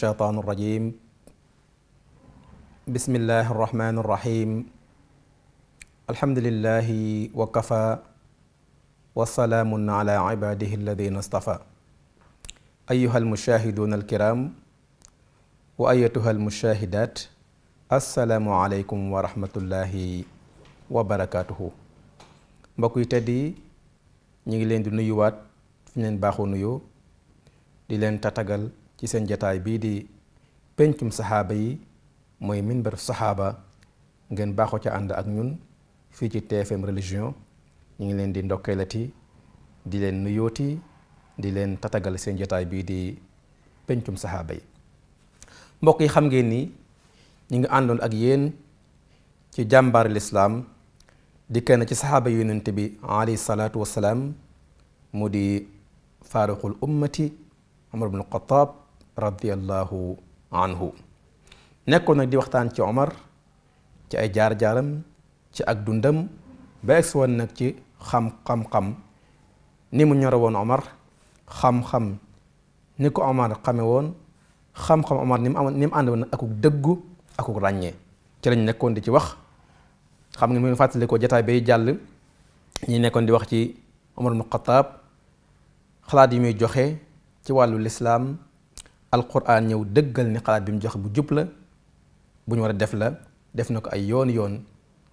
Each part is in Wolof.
الشيطان الرجيم بسم الله الرحمن الرحيم الحمد لله وكفى وسلام على عباده الذين اصطفى أيها المشاهدون الكرام وأيتها المشاهدات السلام عليكم ورحمة الله وبركاته mbokk yi tedd yi ñu ngi leen di nuyuwaat fi ñu leen baaxoo nuyoo di leen tatagal ci seen jataay bii di pencum saxaaba yi mooy minbaru saxaaba ngeen baaxoo ca ànd ak ñun fii ci TFM religion ñu ngi leen di ndokkeelati di leen nuyooti di leen tatagal seen jataay bii di pencum saxaaba yi mbokk yi xam ngeen nii ñu ngi àndoon ak yéen ci jàmbaar lislaam di kenn ci saxaaba yonent bi alayhi salaatu wassalaam mu di faaruqul ummati Umar ibn Xattaab radiallahu anhu nekkoon nag di waxtaan ci Omar ci ay jaar-jaaram ci ak dundam ba egsi woon nag ci xam-xam-xam ni mu ñore woon Omar xam-xam ni ko Omar xame woon xam-xam Omar ni mu amoon ni mu ànd woon akuk dëggu akuk ràññee ci lañ nekkoon di ci wax xam nga mu fàttali ko jataay bay jàll ñi nekkoon di wax ci Omar ibn xalaat yi muy joxe ci wàllu lislaam alquran ñëw dëggal ni xalaat bi mu joxe bu jub la bu ñu war a def la def na ko ay yoon yoon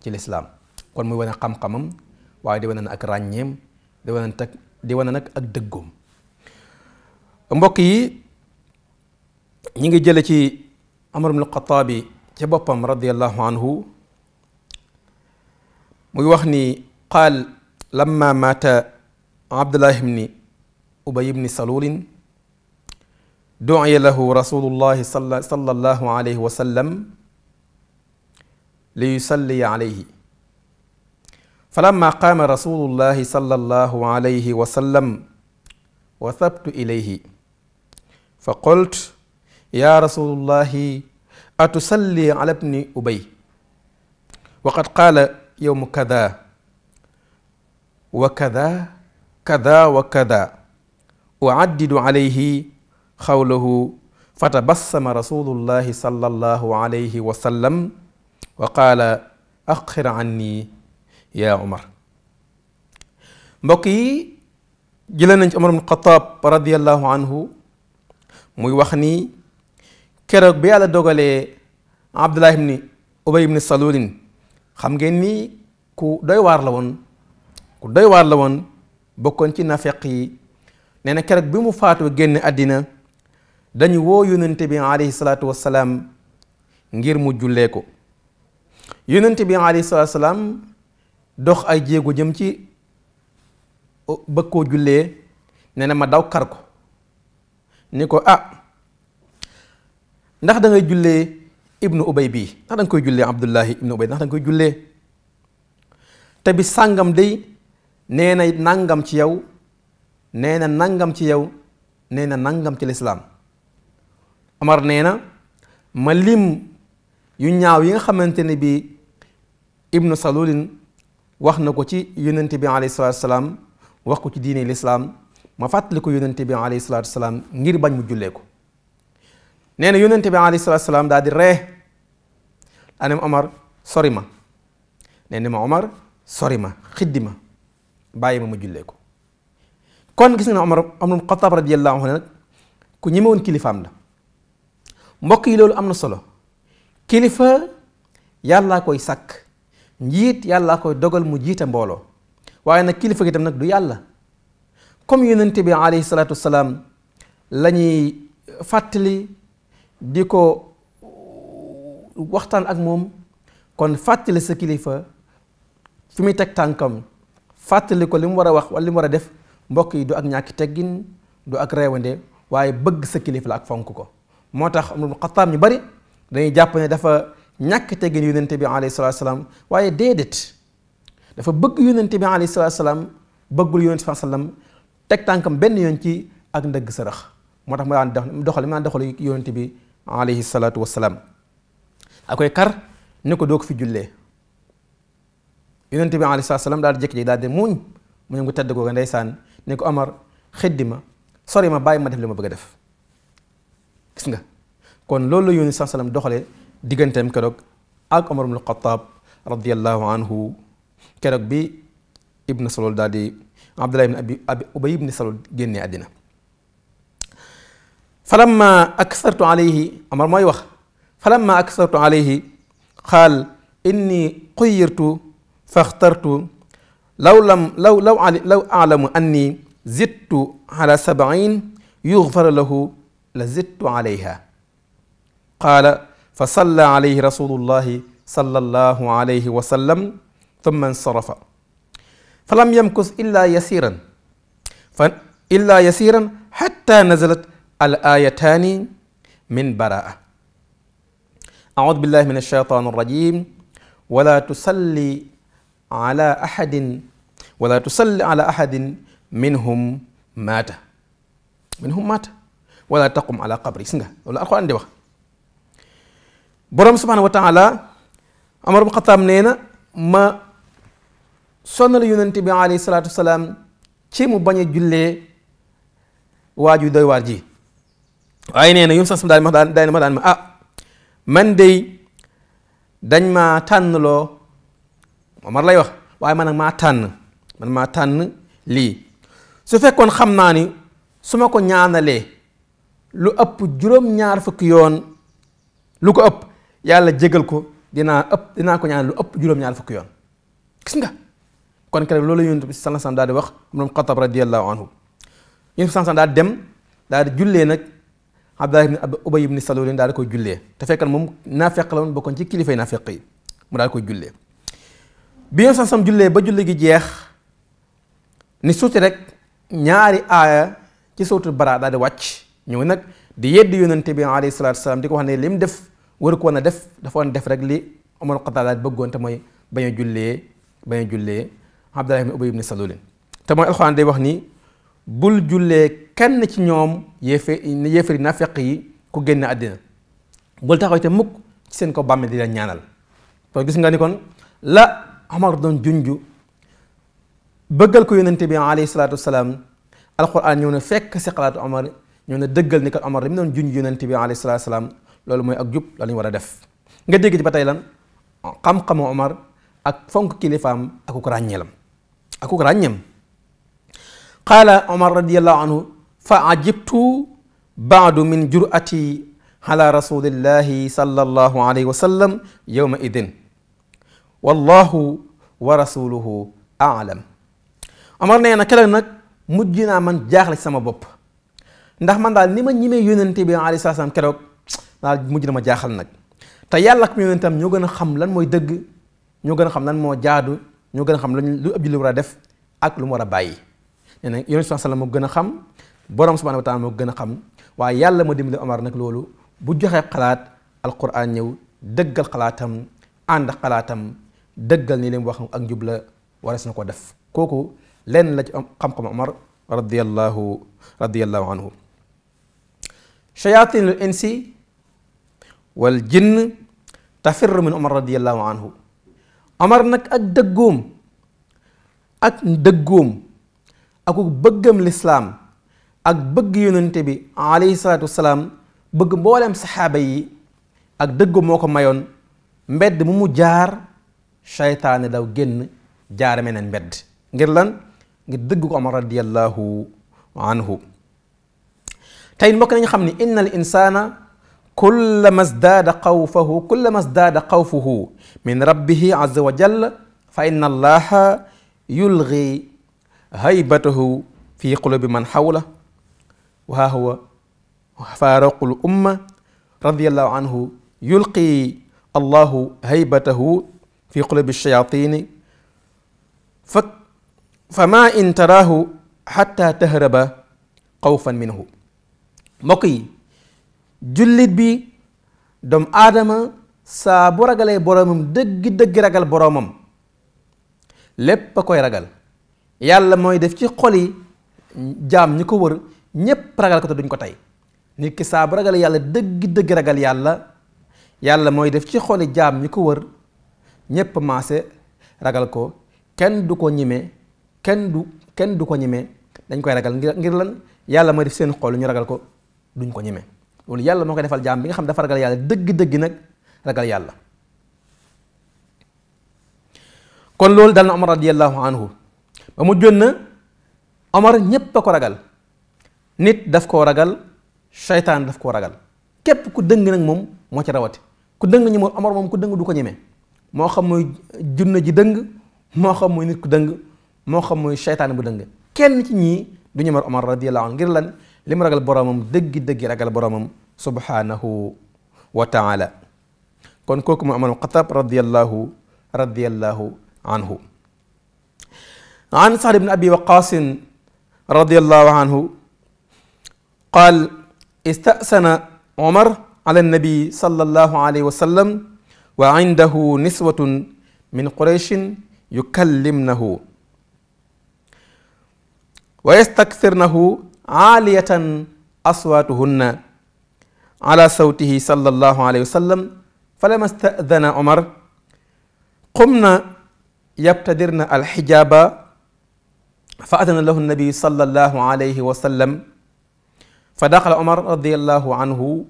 ci lislaam kon muy wane xam-xamam waaye di wane na ak ràññeem di wane nag di wane nag ak dëggoom mbokk yi ñu ngi jële ci Amar ibn Xataabi ci boppam radiallahu anhu muy wax ni qaal lamma maata Abdullah ibni Ubay ibni Salulin duiya lahu rasulullahi sallallahu alayhi wa sallam li yusalli alayhi falamma qaama rasulullahi sallallahu alayhi wa sallam وثبت إليه فقلت يا رسول الله أتصلي على ابن أبي وقد قال يوم كذا وكذا كذا وكذا أعدد عليه xawlahu fatabassama rasulullahi sallallahu alayhi wa wa qaala axir anni yaa Umar mbokk yi jëlee nañ ci Umar anhu muy wax ni keroog bi yàlla dogalee Abdullah ibni Ubay ibni Salulin xam ngeen ni ku doy waar la woon ku doy waar la woon bokkoon ci nafeq yi nee na keroog bi mu faatu génn àddina dañu woo yonente bi alayhi salaatu wasalaam ngir mu jullee ko yonente bi alayhi salaatu dox ay jéego jëm ci bëgg koo jullee nee na ma daw kar ko ni ko ah ndax da ngay jullee ibnu ubay bii ndax da koy jullee abdullahi ibnu ubay ndax da koy jullee te bi sàngam day nee na nangam ci yow nee na nangam ci yow nee na nangam ci lislaam Omar nee na ma lim yu ñaaw yi nga xamante ne bi ibnu salulin wax na ko ci yonent bi alayhi salaam wax ko ci diine lislaam ma fàttali ko yonent bi alayhi salaatu ngir bañ mu jullee ko nee na yonent bi alayhi salaatu salaam daal sori ma nee na ma Omar sori ma xiddi ma bàyyi ma ma jullee ko kon gis nga ne Omar Omar Xataab radiyallahu nag ku ñemewoon kilifaam la mbokk yi loolu am na solo kilifa yàllaa koy sàkk njiit yàllaa koy dogal mu jiite mbooloo waaye nag kilifa gi tam nag du yàlla comme yonente bi alayhi salaatu salaam lañuy fàttali di ko waxtaan ak moom kon fàttali sa kilifa fi muy teg tànkam fàttali ko li mu war a wax wala li mu war a def mbokk yi du ak ñàkki teggin du ak reewande waaye bëgg sa kilifa la ak fonk ko moo tax Umar ibn ñu bari dañuy jàpp ne dafa ñàkk teggin yonent bi alayhi salaam waaye déedéet dafa bëgg yonent bi alayhi salaam bëggul yonent bi salaam tànkam benn yoon ci ak ndëgg sërëx moo tax mu daan doxal mu daan doxal bi alayhi salaatu wasalaam akoy kar ne ko doo ko fi jullee yonent bi alayhi salaatu salaam daal di jékki-jékki daal di muuñ mu ne ko tedd googa ndeysaan ne ko Omar xiddi ma sori ma bàyyi ma def li ma bëgg a def gis nga kon loolu la yónni saa salaam doxalee digganteem keroog ak Omar ibn Xataab radiyallahu anhu keroog bi Ibn Salul daal di Abdullah ibn Abi Abi Ubay ibn Salul génnee àddina falamma aksartu alayhi Omar mooy wax falamma aksartu alayhi qaal inni xuyyirtu faxtartu law lam law law law aalamu anni zittu ala sabain yuxfar lahu la zittu alayha qaala fa salla alayhi rasulullahi sallallahu alayhi wa sallam thumma insarafa fa lam yamkus illa yasiran fa illa yasiran xatta nazalat al ayataani min baraa audu billahi min alshaitan arrajim wala tusalli ala ahadin wala tusalli ala ahadin minhum maata minhum maata wala taqum ala qabri gis nga loolu alxuraan di wax borom subhaanahu wa taala Amar bu Xataab ma sonnal yonente bi alayhi salaatu wasalaam ci mu bañ a jullee waaju doy waar ji waaye nee na yom sax daan ma daan daan ma daan ma ah man dey dañ maa tànnloo Omar lay wax waaye ma nag maa tànn man maa tànn lii su fekkoon xam naa ni su ma ko ñaanalee lu ëpp juróom-ñaar fukki yoon lu ko ëpp yàlla jegal ko dinaa ëpp dinaa ko ñaan lu ëpp juróom-ñaar fukki yoon gis nga kon keroog loolu la yonent bi sallallahu alayhi wasallam daal di wax moom xatab radiyallahu anhu yonent dem daal di jullee nag Abdallah ibn Ubay ibn Salul daal di koy jullee te fekkal moom naafeq la woon bokkoon ci kilifay naafeq yi mu daal di koy jullee bi yonent sallallahu jullee ba julli gi jeex ni suuti rek ñaari aaya ci sootul bara daal di wàcc ñëw nag di yedd yonente bi alayhi salaatu salaam di ko wax ne li def waru ko woon def dafa woon def rek li Umar Qataada bëggoon te mooy bañ a jullee bañ a jullee Abdullah ibn Ubay ibn te mooy alxuraan day wax ni bul jullee kenn ci ñoom yéefe yéefari nafeq yi ku génn àddina bul taxaw te mukk ci seen ko bàmmeel di la ñaanal kon gis nga ni kon la Omar doon junju bëggal ko yonente bi alayhi salaatu salaam alxuraan ñoo ne dëggal ni ko Omar li mu doon junj yonent bi loolu mooy ak jub la ñu war a def nga dégg ci ba tey lan xam-xamu Omar ak fonk kilifaam akuk ràññeelam akuk ràññeem qaala Omar radiyallahu anhu fa ajibtu baadu min jur'ati ala rasulillahi sallallahu alayhi wa sallam yowma idin aalam Omar nee na keroog nag mujj man jaaxle sama bopp ndax man daal ni ma ñimee yónnante bi alayhi salaam keroog daal mujj na ma jaaxal nag te yàlla ak yónnentam ñoo gën a xam lan mooy dëgg ñoo gën a xam lan moo jaadu ñoo gën a xam lan lu ab jullit war a def ak lu mu a bàyyi nee na yónnent salaam moo gën a xam borom subhaanahu wa taala moo gën a xam waaye yàlla ma dimbali Omar nag loolu bu joxee xalaat alquran ñëw dëggal xalaatam ànd xalaatam dëggal ni li mu wax ak njub la waras na ko def kooku lenn la ci xam-xam Omar radiyallahu radiyallahu anhu shayatinul insi wal jinn tafirru min omar radiallahu anhu omar nag ak dëggoom ak dëggoom aku bëggam lislaam ak bëgg yonente bi alayhi salaatu wasalaam bëgg mbooleem saxaaba yi ak dëggoom moo ko mayoon mbedd mu mu jaar shaytaane daw génn jaare meneen mbedd ngir lan ngir dëgg ko omar radiallahu anhu tey mbokk nañu xam ni inna al insana kullama sdaada xawfahu kullama sdaada xawfuhu min rabbihi azza wa jalla fa inna allaha yulgi haybatahu fi qulubi man xawla wa huwa faaraqul umma radiyallahu anhu yulqi allahu haybatahu fi qulubi shayatini fa fama in taraahu xatta tahraba xawfan minhu mbokk yi jullit bi doomu aadama saa bu ragalee boroomam dëgg dëgg ragal boroomam lépp a koy ragal yàlla mooy def ci xol yi jaam ñi ko wër ñépp ragal ko te duñ ko tey nit ki saa bu ragal yàlla dëgg dëgg ragal yàlla yàlla mooy def ci xoli jaam ñi ko wër ñépp maase ragal ko kenn du ko ñime kenn du kenn du ko ñime dañ koy ragal ngir lan yàlla mooy def seen xol ñu ragal ko duñ ko ñeme loolu yàlla moo koy defal jaam bi nga xam dafa ragal yàlla dëgg-dëgg nag ragal yàlla kon loolu dal na Omar radiyallahu anhu ba mu jón Omar ñépp a ko ragal nit daf koo ragal seytaan daf koo ragal képp ku dëng nag moom moo ci rawati ku dëng ñi moom Omar moom ku dëng du ko ñeme moo xam muy junne ji dëng moo xam muy nit ku dëng moo xam muy seytaan bu dëng kenn ci ñii du ñemar Omar radiyallahu ngir lan li mu ragal boromam dëggi-dëggi ragal boromam subhanahu wa taala kon kooku mu amal xatab radiallahu radiallahu anhu an saad ibn abi waqaasin radiallahu anhu qaal istaasana omar ala annabi sallallahu alayhi wa sallam wa indahu niswatun min qurayshin yukallimnahu wa yastaksirnahu aaliyatan aswaatuhunna ala sawtihi sallallahu alayhi wa sallam falama stadana omar qumna yabtadirna alxijaaba fa adana lahu nabiyu sallallahu alayhi wa sallam fa daxala omar radiallahu anhu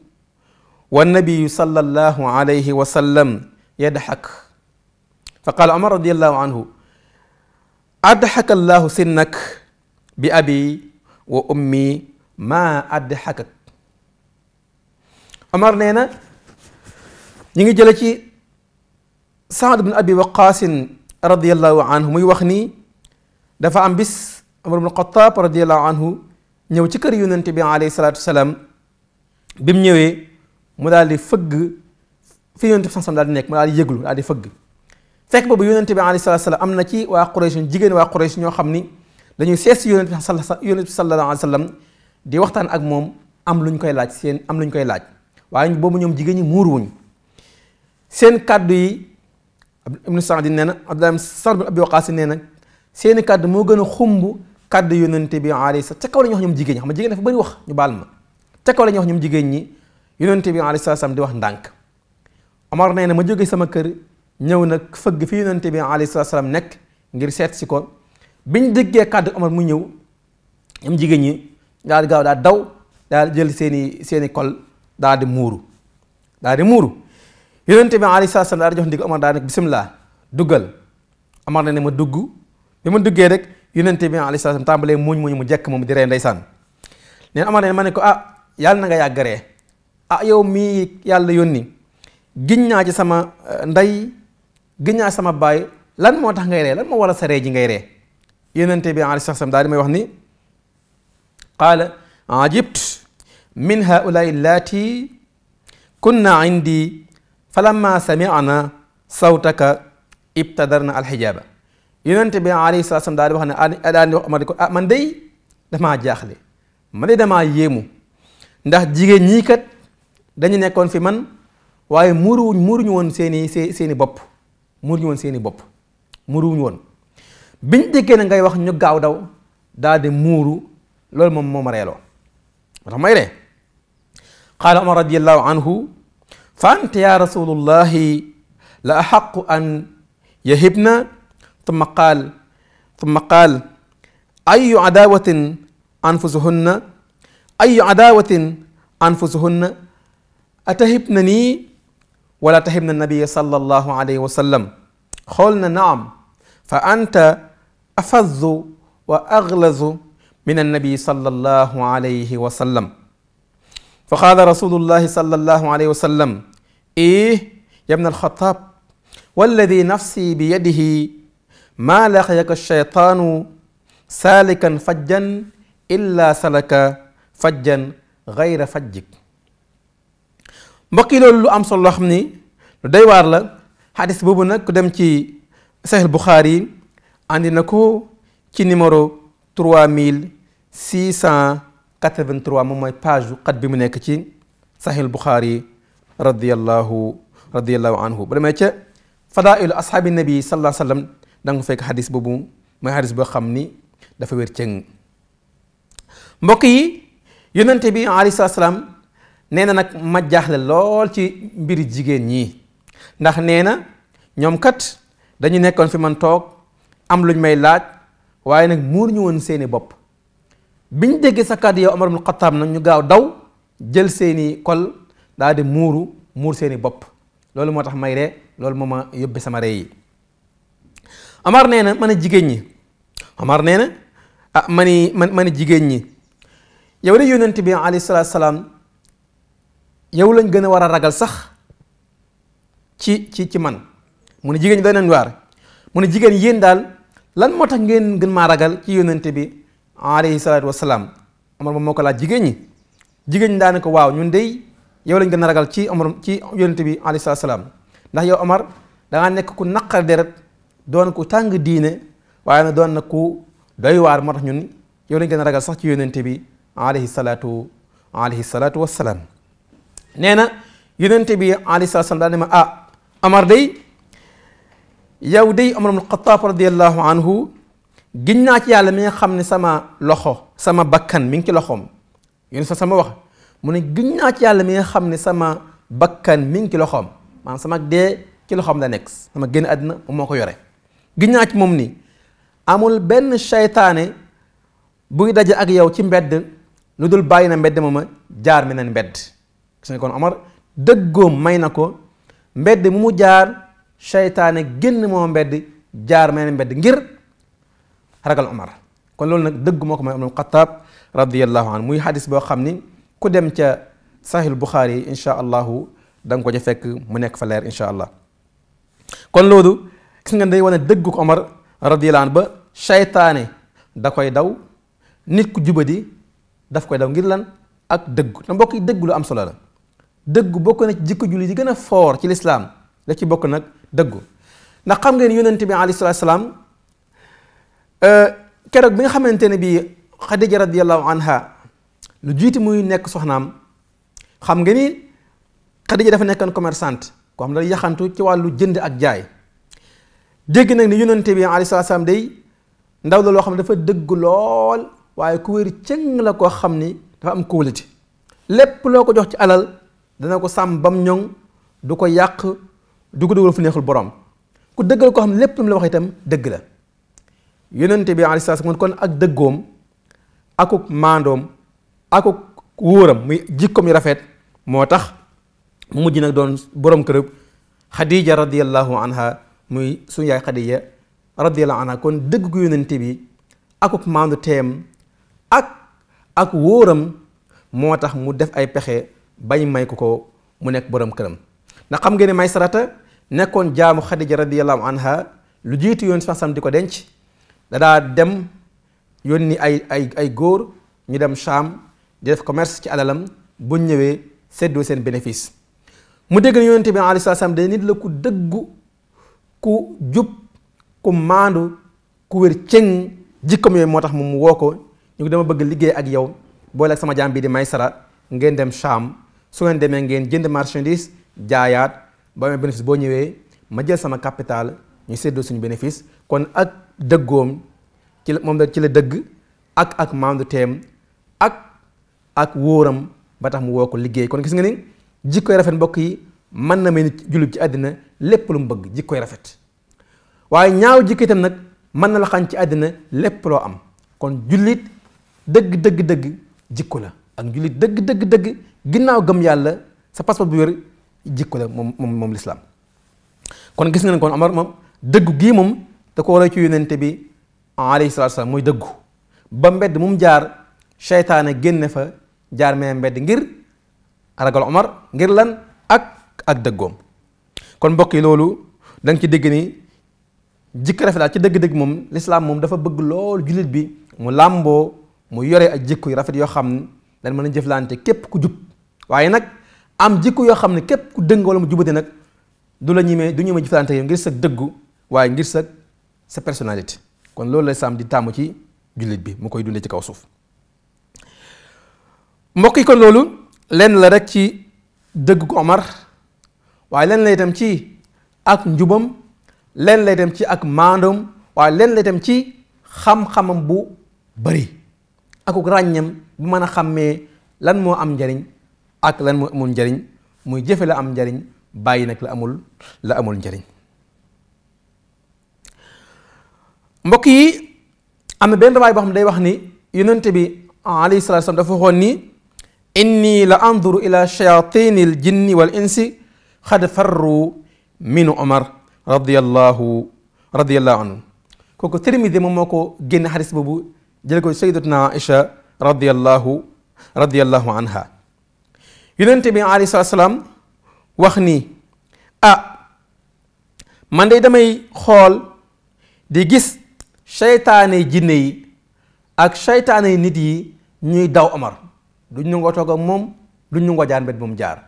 wannabiyu sallallahu alayhi wa sallam yadxak fa qaala omar radiallahu anhu adxaka allahu sinnak bi abi wa ummi maa adhakak Omar nee na ñu ngi jële ci Saad bnu Abi Waqaasin radiyallahu anhu muy wax nii dafa am bis Omar bnu Xataab radiyallahu anhu ñëw ci kër yonent bi alayhi salaatu wasalaam bi mu ñëwee mu daal di fëgg fi yonent bi sansam daal di nekk mu daal di yëglu daal di bi alayhi salaatu am na ci waa Quraysh jigéen waa Quraysh ñoo xam ni. dañuy seet si yoon bi sallallahu alayhi wa sallam di waxtaan ak moom am lu ñu koy laaj seen am lu ñu koy laaj waaye boobu ñoom jigéen ñi muur wuñ seen kàddu yi ibnu saadi nee na abdullah sar bin abi nee na seeni kàddu moo gën a xumb kàddu yonent bi alayhi sa ca kaw la ñuy wax ñoom jigéen ñi xam nga jigéen dafa wax ñu baal ma ca kaw la ñuy wax jigéen ñi yonent bi di wax ndànk Omar nee na ma jóge sama kër ñëw nag fëgg fi yonent bi alayhi salaam nekk ngir seet si ko biñ déggee kàddu Omar mu ñëw ñoom jigéen ñi daal gaaw daal daw daal jël seeni seeni kol daal di muuru daal di muuru yonent bi alayhi salaam daal di jox ndig Omar daal di nekk bisimilah duggal Omar na ne ma dugg bi ma duggee rek yonent bi alayhi salaam tàmbalee muñ muñ mu jekk moom di ree ndeysaan nee Omar ne ma ne ko ah yàlla na nga yàgg ah yow mii yàlla yónni giñ naa ji sama eh, ndey giñ naa sama baay lan moo tax ngay ree lan moo waral sa ree ji ngay ree yonente bi alayhi salaam daal di may wax ni qaala ajibt min haulaai allaati kunna indi falamma samicna sawtaka ibtadarna alxijaaba yonente bi alayhi salaam daal di wax ne daal di wax ma ne ko ah man day damaa jaaxle man day damaa yéemu ndax jigéen ñii kat dañu nekkoon fi man waaye muuruwuñ muuruñu woon seeni seeni bopp muuruñu woon seeni bopp muuruwuñu woon biñ déggee na ngay wax ñu gaaw daw daal di muuru loolu moom moo ma reeloo moo tax may ree qaala omar radiallahu anhu fa anta ya rasulullahi la axaqu an yahibna tumma qaal tumma qaal ayu adawatin anfusuhunna ayu adawatin anfusuhunna atahibna nii wala tahibna nabiya sallallahu alayhi wa sallam xool na naam fa anta afaddu wa aglazu min annabi sallallahu alayhi wa sallam fa qaala rasulullahi sallallahu alayhi wa sallam eh ya ibna alxataab walladi nafsi bi yadihi maa laqiyaka shaytaanu saalikan fajjan illa salaka fajjan gayra fajjik mbokk yi loolu lu am solo loo xam ni lu doy waar la xadis boobu nag ku dem ci Sahih Bukhari andi na ko ci numéro 3683 moom mooy page xat bi mu nekk ci Sahih Bukhari radiyallahu radiyallahu anhu bu demee ca fadaailu ashaabi nabi sallallahu alayhi wa sallam boobu mooy xadis boo xam ni dafa wér yi yonente bi alayhi salaam nee na nag ma lool ci mbir jigéen ñi ndax nee na ñoom kat dañu nekkoon fi man toog am luñ may laaj waaye nag muur ñu woon seeni bopp biñ déggee sa kàddu yow Omar ibn Khattab nag ñu gaaw daw jël seeni kol daal di muuru muur seeni bopp loolu moo tax may ree loolu moo ma yóbbe sama ree yi Omar nee na man a jigéen ñi Omar nee na ah mani man mani jigéen ñi yow de yónnent bi alayhi salaatu salaam yow lañ gën a war a ragal sax ci ci ci man mu ne jigéen ñi waar mu ne jigéen yéen daal lan moo tax ngeen gën ma ragal ci yónnante bi alayhi salaatu wasalaam jigéen ñi jigéen daane ko waaw ñun dey yow lañ gën ragal ci Omar ci yónnante bi alayhi salaatu ndax yow Omar da nekk ku naqar deret doon ku tàng diine waaye na doon na ku doy waar moo tax ñun yow lañ gën a ragal sax ci yónnante bi alayhi salaatu alayhi salaatu wasalaam nee na yónnante bi alayhi salaatu wasalaam daa ma ah Omar dey yow day Omar ibn Xattaab radiyallahu anhu giñ naa ci yàlla mi nga xam ne sama loxo sama bakkan mi ngi ci loxoom yéen sa sama wax mu ne giñ naa yàlla mi nga xam ne sama bakkan mi ngi ci loxoom maanaam sama dee ci loxoom la nekk sama génn àddina moom moo ko yore giñ naa ci moom ni amul benn seytaane buy daje ak yow ci mbedd lu dul bàyyi na mbedd mooma jaar meneen mbedd gis nga kon Omar dëggoom may na ko mbedd mu mu jaar. seytaane génn moo mbedd jaar mel mbedd ngir ragal Omar kon loolu nag dëgg moo ko may Omar Xataab radiyallahu anhu muy xadis boo xam ni ku dem ca Sahih Bukhari yi incha allahu da nga ko ca fekk mu nekk fa leer incha allah kon loolu gis nga day wane dëggu ko Omar radiyallahu anhu ba seytaane da koy daw nit ku juba jubadi daf koy daw ngir lan ak dëggu te mbokk yi dëgg lu am solo la dëggu bokk na ci jikko julli yi gën a foor ci lislaam la ci bokk nag dëggu ndax xam ngeen yonent bi alayhi salaatu salaam euh, keroog bi nga xamante ne bii Xadija radiyallahu anha lu jiiti muy nekk soxnaam xam nga ni Xadija dafa nekkoon commerçante koo xam ne yaxantu ci wàllu jënd ak jaay dégg nag ni yonent ndaw la loo xam ne dafa dëgg lool waaye ku wér cëng la koo xam ni dafa am kóolite lépp loo ko jox ci alal dana ko sàmm bam ñoŋ du ko yàq. du ko dugal fu neexul borom ku dëggal koo xam lépp lu mu la wax itam dëgg la yonente bi alayhi salaam kon ak dëggoom akuk maandoom akuk wóoram muy jikkoom yu rafet moo tax mu mujj nag doon borom kërëb xadija radiallahu anha muy suñu yaay xadija radiallahu anha kon dëgg gu yonente bi akuk maandu teem ak ak wóoram moo tax mu def ay pexe bañ may ku ko mu nekk borom këram ndax xam ngeen ne may sarata nekkoon jaamu Xadija radiyallahu anha lu jiitu yoon si sam ko denc dadaa dem yónni ay ay ay góor ñu dem Sham di def commerce ci alalam bu ñëwee seddoo seen bénéfice mu dégg yoon yonente bi alayhi salaam day nit la ku dëggu ku jub ku maandu ku wér cëng jikkom yooyu moo tax moom mu woo ko ñu ngi dama bëgg liggéey ak yow boole ak sama jaam bii di Maysara ngeen dem Sham su ngeen demee ngeen jënd marchandise jaayaat ba amee boo ñëwee ma jël sama capital ñu séddoo suñu bénéfice kon ak dëggoom ci la moom la ci la dëgg ak ak maandu teem ak ak wóoram ba tax mu woo ko liggéey kon gis nga ni jikkoy rafet mbokk yi mën na may nit jullit ci àddina lépp lu mu bëgg jikkoy rafet waaye ñaaw jikko itam nag mën na la xañ ci àddina lépp loo am kon jullit dëgg dëgg dëgg jikko la ak jullit dëgg dëgg ginnaaw gëm yàlla sa passeport bu wér jikko la moom moom moom lislaam kon gis ngeen kon Omar moom dëggu gii moom da ko war ci yonente bi alayhi salaam mooy dëggu ba mbedd mu mu jaar seytaane génne fa jaar mee mbedd ngir ragal Omar ngir lan ak ak dëggoom kon mbokk yi loolu da nga ci dégg ni jikko rafet daal ci dëgg-dëgg moom lislaam moom dafa bëgg loolu jullit bi mu làmboo mu yore ak jikko yu rafet yoo xam ne dañ mën a jëflante képp ku jub waaye nag am jikko yoo xam ne képp ku dëng wala mu jubate nag du la ñemee du ñemee jëflante yow ngir sa dëggu waaye ngir sa sa personnalité kon loolu lay sàmm di tàmm ci jullit bi mu koy dundee ci kaw suuf mbokk yi kon loolu lenn la rek ci dëgg ko Omar waaye lenn lay dem ci ak njubam lenn lay dem ci ak maandoom waaye lenn lay dem ci xam-xamam bu bari akuk ràññam bu mën a xàmmee lan moo am njariñ ak lan mu amul njariñ muy jëfe la am njariñ bàyyi nag la amul la amul njariñ mbokk yi am na benn ba boo xam ne day wax ni yonente bi alayhi salatu wasallam dafa waxoon ni inni la anduru ila shayatin al wal insi xad farru min omar radiyallahu radiyallahu anhu kooku Tirmidi moom moo ko génn xadis boobu jël ko sayyidatuna anha yonente bi alayhi salaatu salaam wax ni ah man de damay xool di gis seytaane jinne yi ak seytaane nit yi ñuy daw Omar duñ ñu ngoo toog ak moom lu ñu ngoo jaan bet mu jaar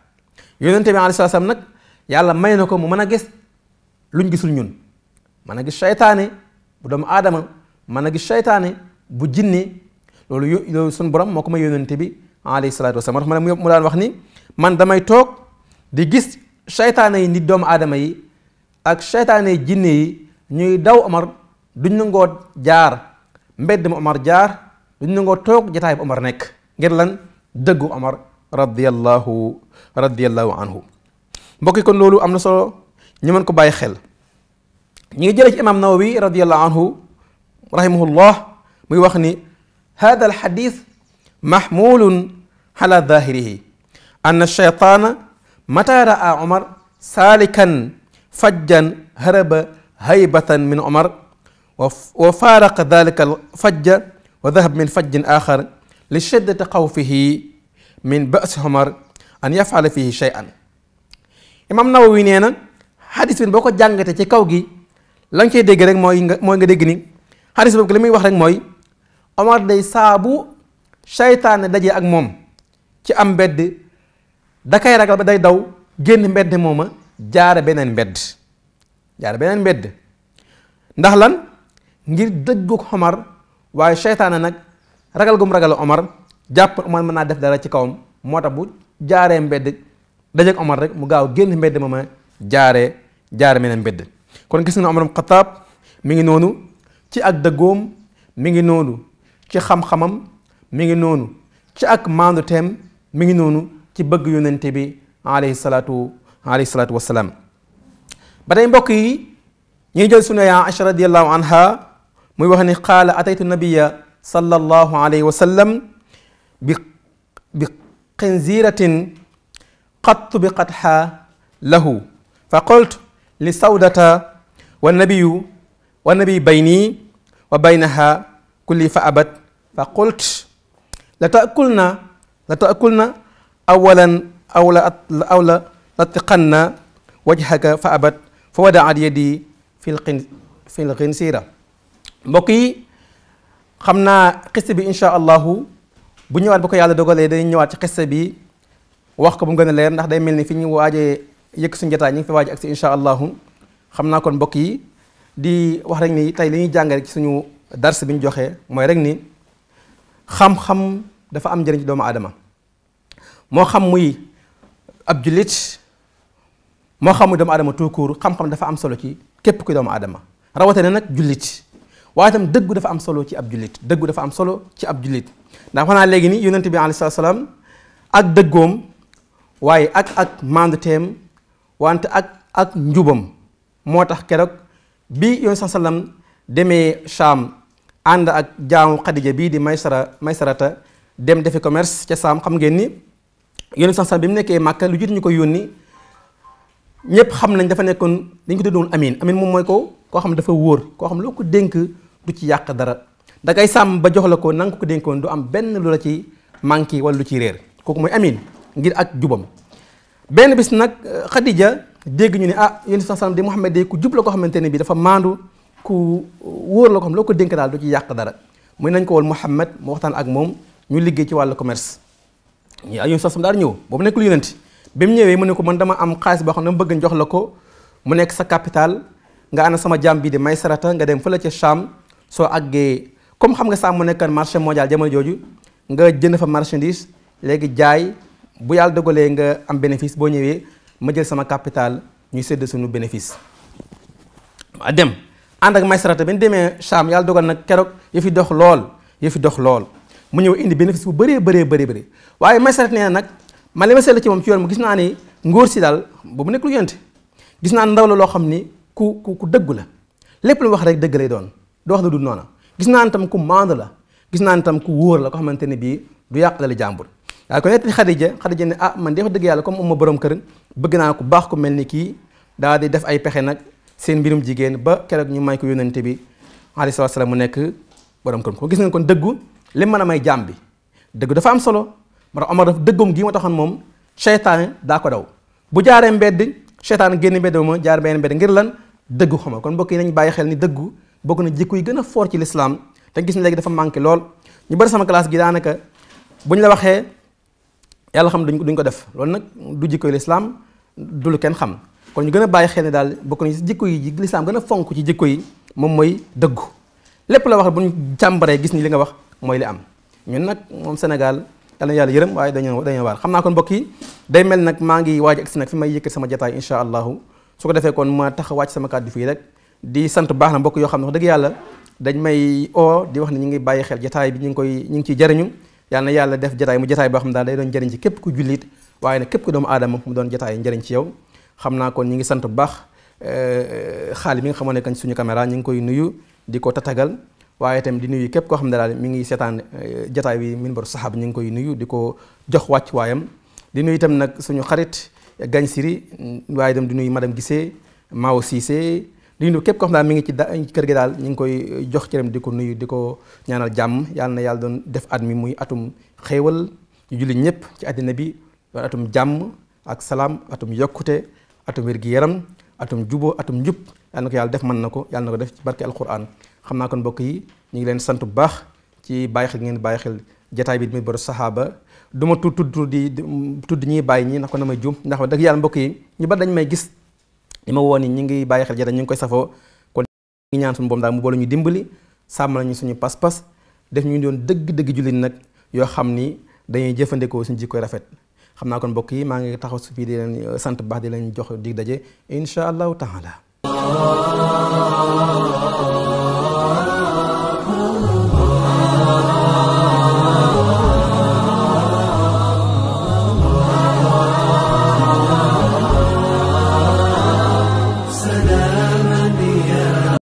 yonente bi alayhi salaatu salaam nag yàlla may na ko mu mën a gis luñ gisul ñun man a gis seytaane bu doomu aadama mën a gis seytaane bu jinne loolu loolu suñu borom moo ko may yonente bi alayhi salaatu wa mu daan wax ni man damay toog di gis seytaane yi nit doomu aadama yi ak seytaane yi jinne yi ñuy daw Omar duñ nangoo jaar mbedd mu Omar jaar duñ nangoo toog jataay bu Omar nekk ngir lan dëggu Omar radiyallahu radiyallahu anhu mbokk loolu am na solo ñu mën ko bàyyi xel ñu ngi jëlee ci imaam Nawawi radiyallahu anhu rahimahullah muy wax ni hada al mahmulun ala zahirihi anna shaytaana mata raa omar saalikan fajjan haraba haybatan min omar wa faaraqa dalika alfajja wa dahab min fajjin axar li shiddati xawfihi min basi omar an yafala fihi shay'an imam nawawi nee na xadis bi boo ci kaw gi la nga cey dégg rek mooy nga mooy ni xadis boobu li muy wax rek mooy omar day saabu seytaane daje ak moom ci am mbedd dakay kay ragal ba day daw génn mbedd mooma jaare beneen mbedd jaare beneen mbedd ndax lan ngir dëggug Omar waaye seytaane nag ragal gum ragal Omar jàpp Omar mën naa def dara ci kawam moo tax bu jaaree mbedd dajeeg Omar rek mu gaaw génn mbedd mooma jaaree jaare beneen mbedd kon gis na Omar Xataab mi ngi noonu ci ak dëggoom mi ngi noonu ci xam-xamam mi ngi noonu ci ak maandu teem mi ngi noonu ci bëgg yonente bi alayhi salaatu alayhi salaatu wasalaam ba tey mbokk yi ñuy jël sunu yaa Aïcha radiallahu anha muy wax ni qaala ataytu nabiya sallallahu alayhi wa sallam bi bi xinziiratin qattu bi qatha lahu fa qultu li sawdata wa nabiyu wa nabi bayni wa baynaha kulli fa abat fa qult la taakul na la taakul na awalan aw la aw la latiqan na wajhaka fa abat fa wadaat yadi fi lqin fi lqinsiira mbokk yi xam naa xiste bi incha allahu ñëwaat bu ko yàlla dogalee dañuy ñëwaat ci xiste bi wax ko mu gën a leer ndax day mel ni fi ñu waajee yëkk suñu jotaay ñu ngi fi waaj ak si xam naa kon mbokk yi di wax rek ni tey li ñuy jàng ci suñu dars bi ñu joxe mooy rek ni xam-xam dafa am njëriñ ci doomu aadama moo xam muy ab jullit moo xam muy doomu aadama tout xam-xam dafa am solo ci képp kuy doomu adama rawatina nag jullit waaye tam dëggu dafa am solo ci ab jullit dëggu dafa am solo ci ab jullit ndax léegi ni yonent bi alayhi salaam ak dëggoom waaye ak ak manduteem wante ak ak njubam moo tax keroog bi yonent salaam demee Shaam ànd ak jaamu Xadija bii di Maysara Maysarata dem defi commerce ca saam xam ngeen ni yónni sax sax bi mu nekkee màkka lu jiitu ñu ko yónni ñëpp xam nañ dafa nekkoon dañ ko tuddoon amin amin moom mooy ko koo xam dafa wóor koo xam loo ko dénk du ci yàq dara da sàmm ba jox la ko nanga ko dénkoon du am benn lu ci manqué wala lu ci réer kooku mooy amin ngir ak jubam benn bis nag Khadija euh, dégg ñu ne ah yónni sax sax di Muhammad day ku koo xamante ne bi dafa maandu ku wóor la ko xam loo ko dénk daal du ci yàq dara muy nañ ko wal Muhammad mu waxtaan ak moom ñu liggéey ci wàllu commerce ñu sos mu daal ñëw boobu nekk lu yonent bi mu ñëwee mu ne ko man dama am xaalis boo xam ne mu bëgg jox la ko mu nekk sa capital nga ana sama jaam bii di may sarata nga dem fële ca Cham soo àggee comme xam nga Cham mu nekkoon marché mondial jamono jooju nga jën fa marchandise léegi jaay bu yàlla dogalee nga am bénéfice boo ñëwee ma jël sama capital ñu sédd suñu waa dem ànd ak may sarata bi ñu demee Cham yàlla dogal nag keroog yëfi dox lool yëfi dox lool. mu ñëw indi bénéfice bu bëree bëree bëri bëri waaye Maysarate nee na nag man li ma seetlu ci moom ci yoon bi gis naa ni ngóor si daal bu mu nekk lu yonte gis naa ndaw la loo xam ni ku ku ku dëggu la lépp lu wax rek dëgg doon du wax la du gis naa tam ku maandu la gis naa tam ku wóor la ko xamante ne bii du yàq dala jàmbur waaye ko netti Xadija Xadija ne ah man de dëgg yàlla comme uma borom kër bëgg naa ku baax ku mel ni kii daal di def ay pexe nag seen mbirum jigéen ba keroog ñu may ko yónnante bi alayhi salaam mu nekk borom kër ko gis ngeen kon dëggu li mën a may jaam bi dëgg dafa am solo ma tax Omar daf dëggum gii ma taxoon moom seytaane daa ko daw bu jaaree mbedd seytaane génn mbedd ma jaar benn mbedd ngir lan dëggu xama kon mbokk yi nañ bàyyi xel ni dëggu bokk na jikko yi gën foor ci lislaam te gis léegi dafa manqué lool ñu bari sama classe gi daanaka bu la waxee yàlla xam duñ duñ ko def loolu nag du jikkoy lislaam du lu kenn xam kon ñu gën a bàyyi xel ni daal bokk si jikko yi lislaam gën a fonk ci jikko yi moom mooy dëggu lépp la wax bu ñu càmbaree gis ni li nga wax mooy li am ñun nag moom Sénégal yàlla na yàlla yërëm waaye dañoo dañoo waar xam naa kon mbokk yi day mel nag maa ngi waaj agsi nag fi may yëkkat sama jataay insha allahu su ko defee kon ma tax wàcc sama kàddu fii rek di sant baax na mbokk yoo xam ne wax dëgg yàlla dañ may oo di wax ne ñu ngi bàyyi xel jataay bi ñu ngi koy ñu ngi ciy jariñu yàlla na yàlla def jataay mu jataay boo xam ne daal day doon jëriñ ci képp ku jullit waaye nag képp ku doomu aadama mu doon jataay njëriñ ci yow xam naa kon ñu ngi sant bu baax eh, xaali bi nga xamoon ne kan suñu caméra ñu ngi koy nuyu di ko tatagal waaye itam di nuyu képp koo xam ne daal mi ngi seetaan eh, jataay bi Minbaru Sahaba ñu ngi koy nuyu di ko jox wàcc waayam di nuyu itam nag suñu xarit Gagne Siri waaye itam di nuyu madame Guissé Mao Cissé di nuyu képp koo xam mi ngi ci da kër gi daal ñu ngi koy eh, jox cëram di ko nuyu di ko ñaanal jàmm yàlla na yàlla doon def at mi muy atum xéewal ñu julli ñëpp ci àddina bi doon atum jàmm ak salaam atum yokkute atum wér yaram atum juboo atum njub yàlla na ko yàlla def mën na ko yàlla na ko def ci barke xam naa kon mbokk yi ñu ngi leen sant bu baax ci bàyyi xel ngeen bàyyi xel jataay bi muy boru saxaaba duma ma tudd tudd di tudd ñuy bàyyi ñi ndax ko na may juum ndax dëgg yàlla mbokk yi ñu ba dañ may gis li ma woon ni ngi bàyyi xel jataay ñu ngi koy safoo kon ñu ngi ñaan suñu boom daal mu boole ñu dimbali sàmm nañu suñu pas-pas def ñu doon dëgg-dëgg jullit nag yoo xam ni dañuy jëfandikoo suñu jikkoy rafet xam naa kon mbokk yi maa ngi taxaw su fii di leen euh, sant baax di leen jox di daje incha allahu taala ah